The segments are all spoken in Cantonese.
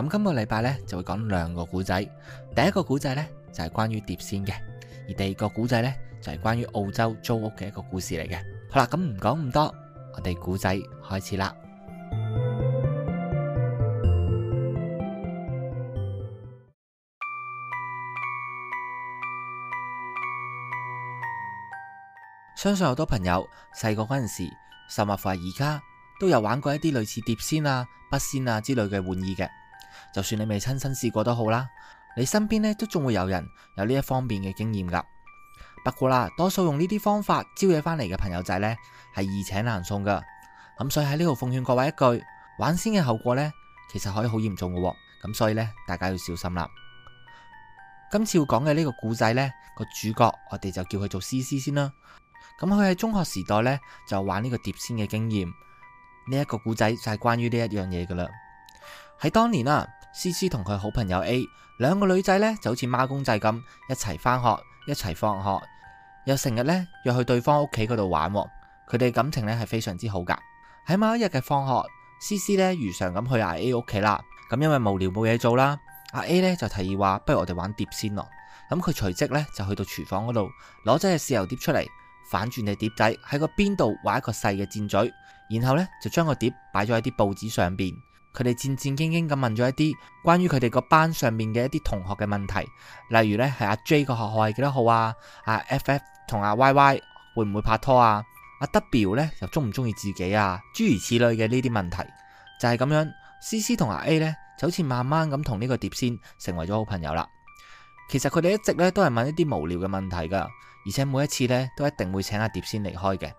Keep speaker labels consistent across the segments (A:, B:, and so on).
A: 咁今個禮拜呢就會講兩個古仔。第一個古仔呢，就係關於碟仙嘅，而第二個古仔呢，就係關於澳洲租屋嘅一個故事嚟嘅。好啦，咁唔講咁多，我哋古仔開始啦。 相信好多朋友細個嗰陣時，甚至係而家都有玩過一啲類似碟仙啊、筆仙啊之類嘅玩意嘅。就算你未親身試過都好啦，你身邊呢都仲會有人有呢一方面嘅經驗噶。不過啦，多數用呢啲方法招惹翻嚟嘅朋友仔呢係易請難送噶。咁所以喺呢度奉勸各位一句，玩仙嘅後果呢其實可以好嚴重嘅，咁所以呢大家要小心啦。今次要講嘅呢個故仔呢個主角，我哋就叫佢做思思先啦。咁佢喺中學時代呢就玩呢個碟仙嘅經驗，呢、這、一個故仔就係關於呢一樣嘢噶啦。喺當年啊，思思同佢好朋友 A 兩個女仔咧就好似孖公仔咁，一齊翻學，一齊放學，又成日咧約去對方屋企嗰度玩。佢哋感情咧係非常之好噶。喺某一日嘅放學，思思咧如常咁去阿 A 屋企啦。咁因為無聊冇嘢做啦，阿 A 咧就提議話不如我哋玩碟仙咯。咁佢隨即咧就去到廚房嗰度，攞咗隻豉油碟出嚟，反轉隻碟仔喺個邊度畫一個細嘅箭嘴，然後咧就將個碟擺咗喺啲報紙上邊。佢哋戰戰兢兢咁問咗一啲關於佢哋個班上面嘅一啲同學嘅問題，例如呢係阿 J 個學號係幾多號啊？阿 FF 同阿 YY 會唔會拍拖啊？阿 W 呢又中唔中意自己啊？諸如此類嘅呢啲問題，就係咁樣。C C 同阿 A 呢就好似慢慢咁同呢個碟仙成為咗好朋友啦。其實佢哋一直呢都係問一啲無聊嘅問題噶，而且每一次呢都一定會請阿碟仙離開嘅。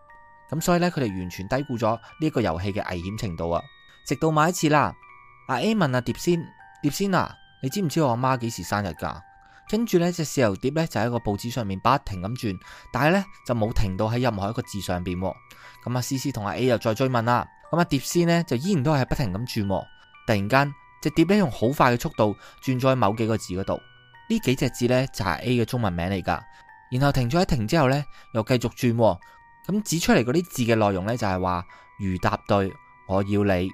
A: 咁所以呢，佢哋完全低估咗呢個遊戲嘅危險程度啊！直到買一次啦，阿 A 問阿、啊、碟仙，碟仙啊，你知唔知我阿媽幾時生日噶？跟住呢隻豉油碟呢，就喺個報紙上面不停咁轉，但係呢，就冇停到喺任何一個字上邊。咁阿思思同阿 A 又再追問啦。咁阿碟仙呢，就依然都係不停咁轉。突然間，隻碟呢，用好快嘅速度轉咗喺某幾個字嗰度，呢幾隻字呢，就係、是、A 嘅中文名嚟噶。然後停咗一停之後呢，又繼續轉。咁、嗯、指出嚟嗰啲字嘅內容呢，就係、是、話如答對，我要你。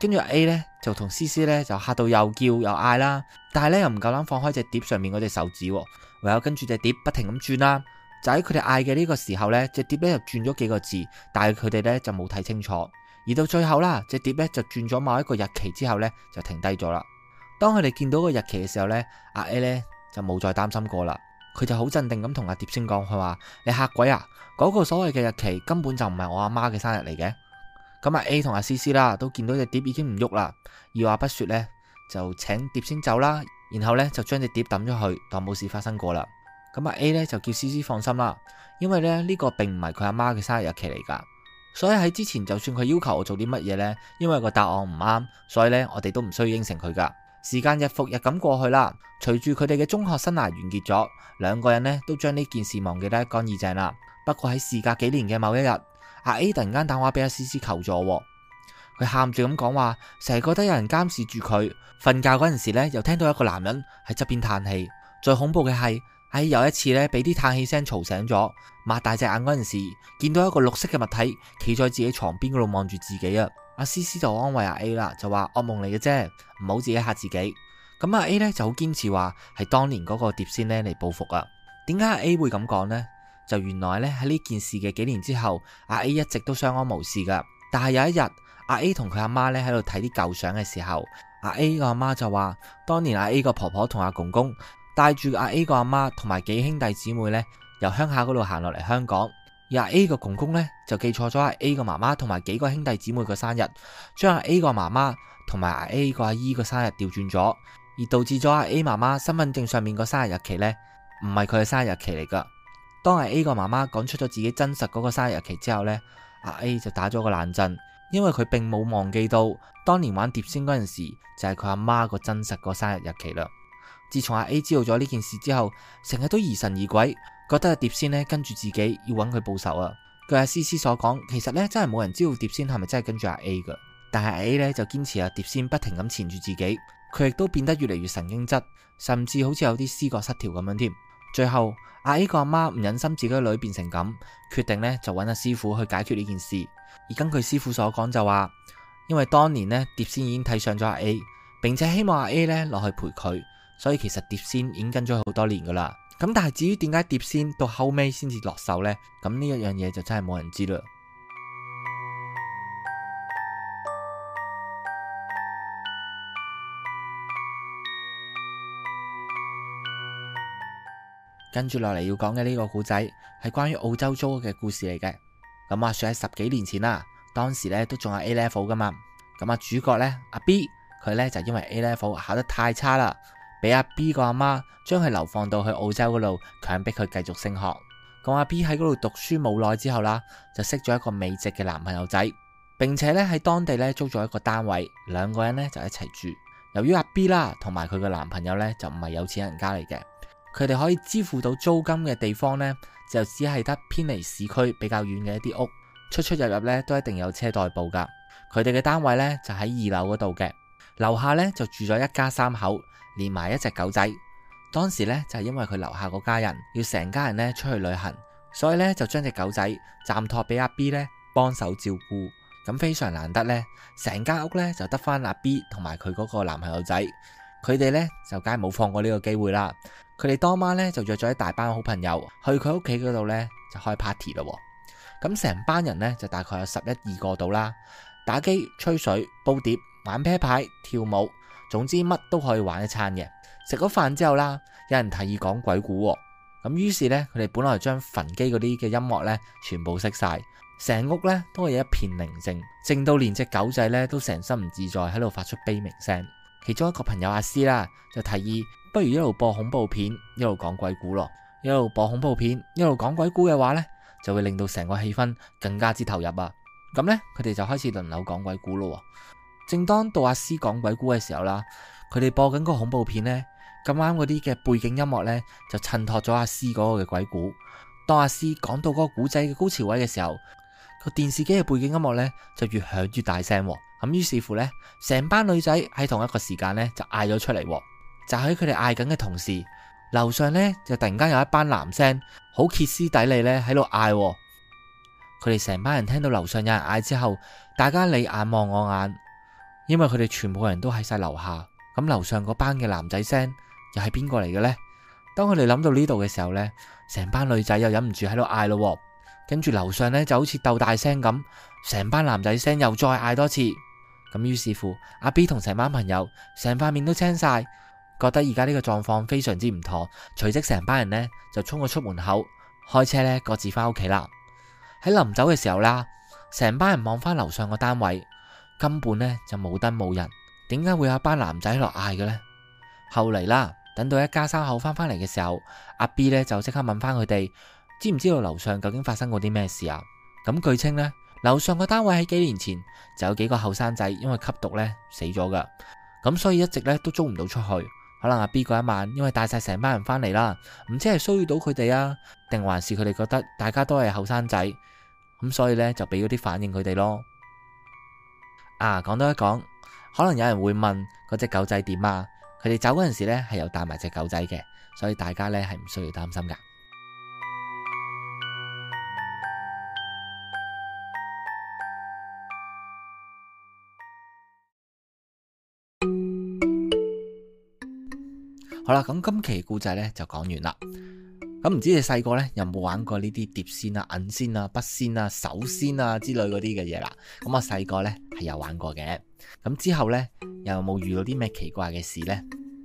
A: 跟住阿 A 咧，就同思思咧，就嚇到又叫又嗌啦，但係咧，又唔夠膽放開隻碟上面嗰隻手指，唯有跟住隻碟不停咁轉啦。就喺佢哋嗌嘅呢個時候咧，隻碟咧就轉咗幾個字，但係佢哋咧就冇睇清楚。而到最後啦，隻碟咧就轉咗某一個日期之後咧就停低咗啦。當佢哋見到個日期嘅時候咧，阿 A 咧就冇再擔心過啦。佢就好鎮定咁同阿碟星講，佢話：你嚇鬼啊！嗰個所謂嘅日期根本就唔係我阿媽嘅生日嚟嘅。咁啊 A 同阿 C C 啦，都見到隻碟已經唔喐啦。二話不說呢，就請碟仙走啦。然後呢，就將隻碟抌咗去，當冇事發生過啦。咁啊 A 呢，就叫 C C 放心啦，因為咧呢、呢個並唔係佢阿媽嘅生日日期嚟噶。所以喺之前，就算佢要求我做啲乜嘢呢，因為個答案唔啱，所以呢，我哋都唔需要應承佢噶。時間日復日咁過去啦，隨住佢哋嘅中學生涯完結咗，兩個人呢，都將呢件事忘記得一乾二淨啦。不過喺事隔幾年嘅某一日。阿 A 突然間打電話俾阿思思求助，佢喊住咁講，話成日覺得有人監視住佢。瞓覺嗰陣時咧，又聽到一個男人喺側邊嘆氣。最恐怖嘅係阿 A 又一次咧，俾啲嘆氣聲嘈醒咗，擘大隻眼嗰陣時，見到一個綠色嘅物體企在自己床邊嗰度望住自己啊！阿思思就安慰阿 A 啦，就話惡夢嚟嘅啫，唔好自己嚇自己。咁阿 A 咧就好堅持話係當年嗰個碟仙呢嚟報復啊！點解阿 A 會咁講呢？就原來咧喺呢件事嘅幾年之後，阿 A 一直都相安無事噶。但係有一日，阿 A 同佢阿媽咧喺度睇啲舊相嘅時候，阿 A 個阿媽就話，當年阿 A 個婆婆同阿公公帶住阿 A 個阿媽同埋幾兄弟姊妹咧，由鄉下嗰度行落嚟香港。而阿 A 個公公咧就記錯咗阿 A 個媽媽同埋幾個兄弟姊妹嘅生日，將阿 A 個媽媽同埋阿 A 個阿姨個生日調轉咗，而導致咗阿 A 媽媽身份證上面個生日日期咧唔係佢嘅生日日期嚟噶。當阿 A 個媽媽講出咗自己真實嗰個生日日期之後呢，阿 A 就打咗個冷震，因為佢並冇忘記到當，當年玩碟仙嗰陣時就係佢阿媽個真實個生日日期啦。自從阿 A 知道咗呢件事之後，成日都疑神疑鬼，覺得阿碟仙呢跟住自己要揾佢報仇啊。據阿思思所講，其實呢真係冇人知道碟仙係咪真係跟住阿 A 噶，但係阿 A 呢就堅持阿碟仙不停咁纏住自己，佢亦都變得越嚟越神經質，甚至好似有啲思覺失調咁樣添。最後，阿 A 個阿媽唔忍心自己個女變成咁，決定呢就搵阿師傅去解決呢件事。而根據師傅所講，就話因為當年呢，碟仙已經睇上咗阿 A，並且希望阿 A, A 呢落去陪佢，所以其實碟仙已經跟咗佢好多年噶啦。咁但係至於點解碟仙到後尾先至落手呢？咁呢一樣嘢就真係冇人知嘞。跟住落嚟要講嘅呢個故仔係關於澳洲租屋嘅故事嚟嘅。咁話說喺十幾年前啦，當時咧都仲有 A level 噶嘛咁啊主角咧阿 B 佢咧，就因為 A level 考得太差啦，俾阿 B 個阿媽將佢流放到去澳洲嗰度，強迫佢繼續升學。咁阿 B 喺嗰度讀書冇耐之後啦，就識咗一個美籍嘅男朋友仔，並且咧喺當地咧租咗一個單位，兩個人咧就一齊住。由於阿 B 啦同埋佢嘅男朋友咧就唔係有錢人家嚟嘅。佢哋可以支付到租金嘅地方呢，就只係得偏離市區比較遠嘅一啲屋，出出入入呢，都一定有車代步噶。佢哋嘅單位呢，就喺二樓嗰度嘅，樓下呢，就住咗一家三口，連埋一隻狗仔。當時呢，就係、是、因為佢樓下嗰家人要成家人呢出去旅行，所以呢，就將隻狗仔暫託俾阿 B 呢幫手照顧。咁非常難得呢，成間屋呢，就得翻阿 B 同埋佢嗰個男朋友仔，佢哋呢，就梗係冇放過呢個機會啦。佢哋當晚咧就約咗一大班好朋友去佢屋企嗰度咧就開 party 咯，咁成班人咧就大概有十一二個度啦，打機、吹水、煲碟、玩啤牌、跳舞，總之乜都可以玩一餐嘅。食咗飯之後啦，有人提議講鬼故，咁於是咧佢哋本來將焚機嗰啲嘅音樂咧全部熄晒，成屋咧都係一片寧靜，靜到連隻狗仔咧都成身唔自在喺度發出悲鳴聲。其中一個朋友阿師啦，就提議不如一路播恐怖片，一路講鬼故咯。一路播恐怖片，一路講鬼故嘅話呢，就會令到成個氣氛更加之投入啊。咁呢，佢哋就開始輪流講鬼故咯。正當到阿師講鬼故嘅時候啦，佢哋播緊個恐怖片呢，咁啱嗰啲嘅背景音樂呢，就襯托咗阿師嗰個嘅鬼故。當阿師講到嗰個古仔嘅高潮位嘅時候，個電視機嘅背景音樂呢，就越響越大聲啊，咁於是乎呢，成班女仔喺同一個時間呢，就嗌咗出嚟。就喺佢哋嗌緊嘅同時，樓上呢就突然間有一班男聲好歇斯底里呢喺度嗌。佢哋成班人聽到樓上有人嗌之後，大家你眼望我眼，因為佢哋全部人都喺晒樓下。咁樓上嗰班嘅男仔聲又係邊個嚟嘅呢？當佢哋諗到呢度嘅時候呢，成班女仔又忍唔住喺度嗌咯。跟住樓上咧就好似鬥大聲咁，成班男仔聲又再嗌多次。咁於是乎，阿 B 同成班朋友成塊面都青晒，覺得而家呢個狀況非常之唔妥。隨即成班人呢就衝咗出門口，開車呢各自返屋企啦。喺臨走嘅時候啦，成班人望翻樓上個單位，根本呢就冇燈冇人，點解會有一班男仔落嗌嘅呢？後嚟啦，等到一家三口返返嚟嘅時候，阿 B 呢就即刻問翻佢哋。知唔知道樓上究竟發生過啲咩事啊？咁據稱呢，樓上個單位喺幾年前就有幾個後生仔因為吸毒呢死咗噶咁所以一直呢都租唔到出去。可能阿 B 嗰一晚因為帶晒成班人翻嚟啦，唔知係騷擾到佢哋啊，定還是佢哋覺得大家都係後生仔，咁所以呢，就俾咗啲反應佢哋咯。啊，講多一講，可能有人會問嗰隻狗仔點啊？佢哋走嗰陣時呢係有帶埋隻狗仔嘅，所以大家呢係唔需要擔心噶。好啦，咁今期故仔咧就講完啦。咁唔知你細個咧有冇玩過呢啲碟仙啊、銀仙啊、筆仙啊、手仙啊之類嗰啲嘅嘢啦？咁我細個咧係有玩過嘅。咁之後咧有冇遇到啲咩奇怪嘅事呢？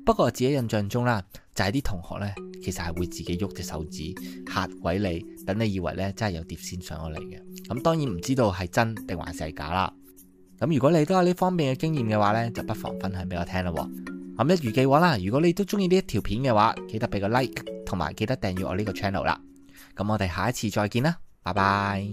A: 不過我自己印象中啦，就係、是、啲同學咧其實係會自己喐隻手指吓鬼你，等你以為咧真係有碟仙上咗嚟嘅。咁當然唔知道係真定還是係假啦。咁如果你都有呢方面嘅經驗嘅話咧，就不妨分享俾我聽啦。咁一如既往啦，如果你都中意呢一條片嘅話，記得俾個 like，同埋記得訂閱我呢個 channel 啦。咁我哋下一次再見啦，拜拜。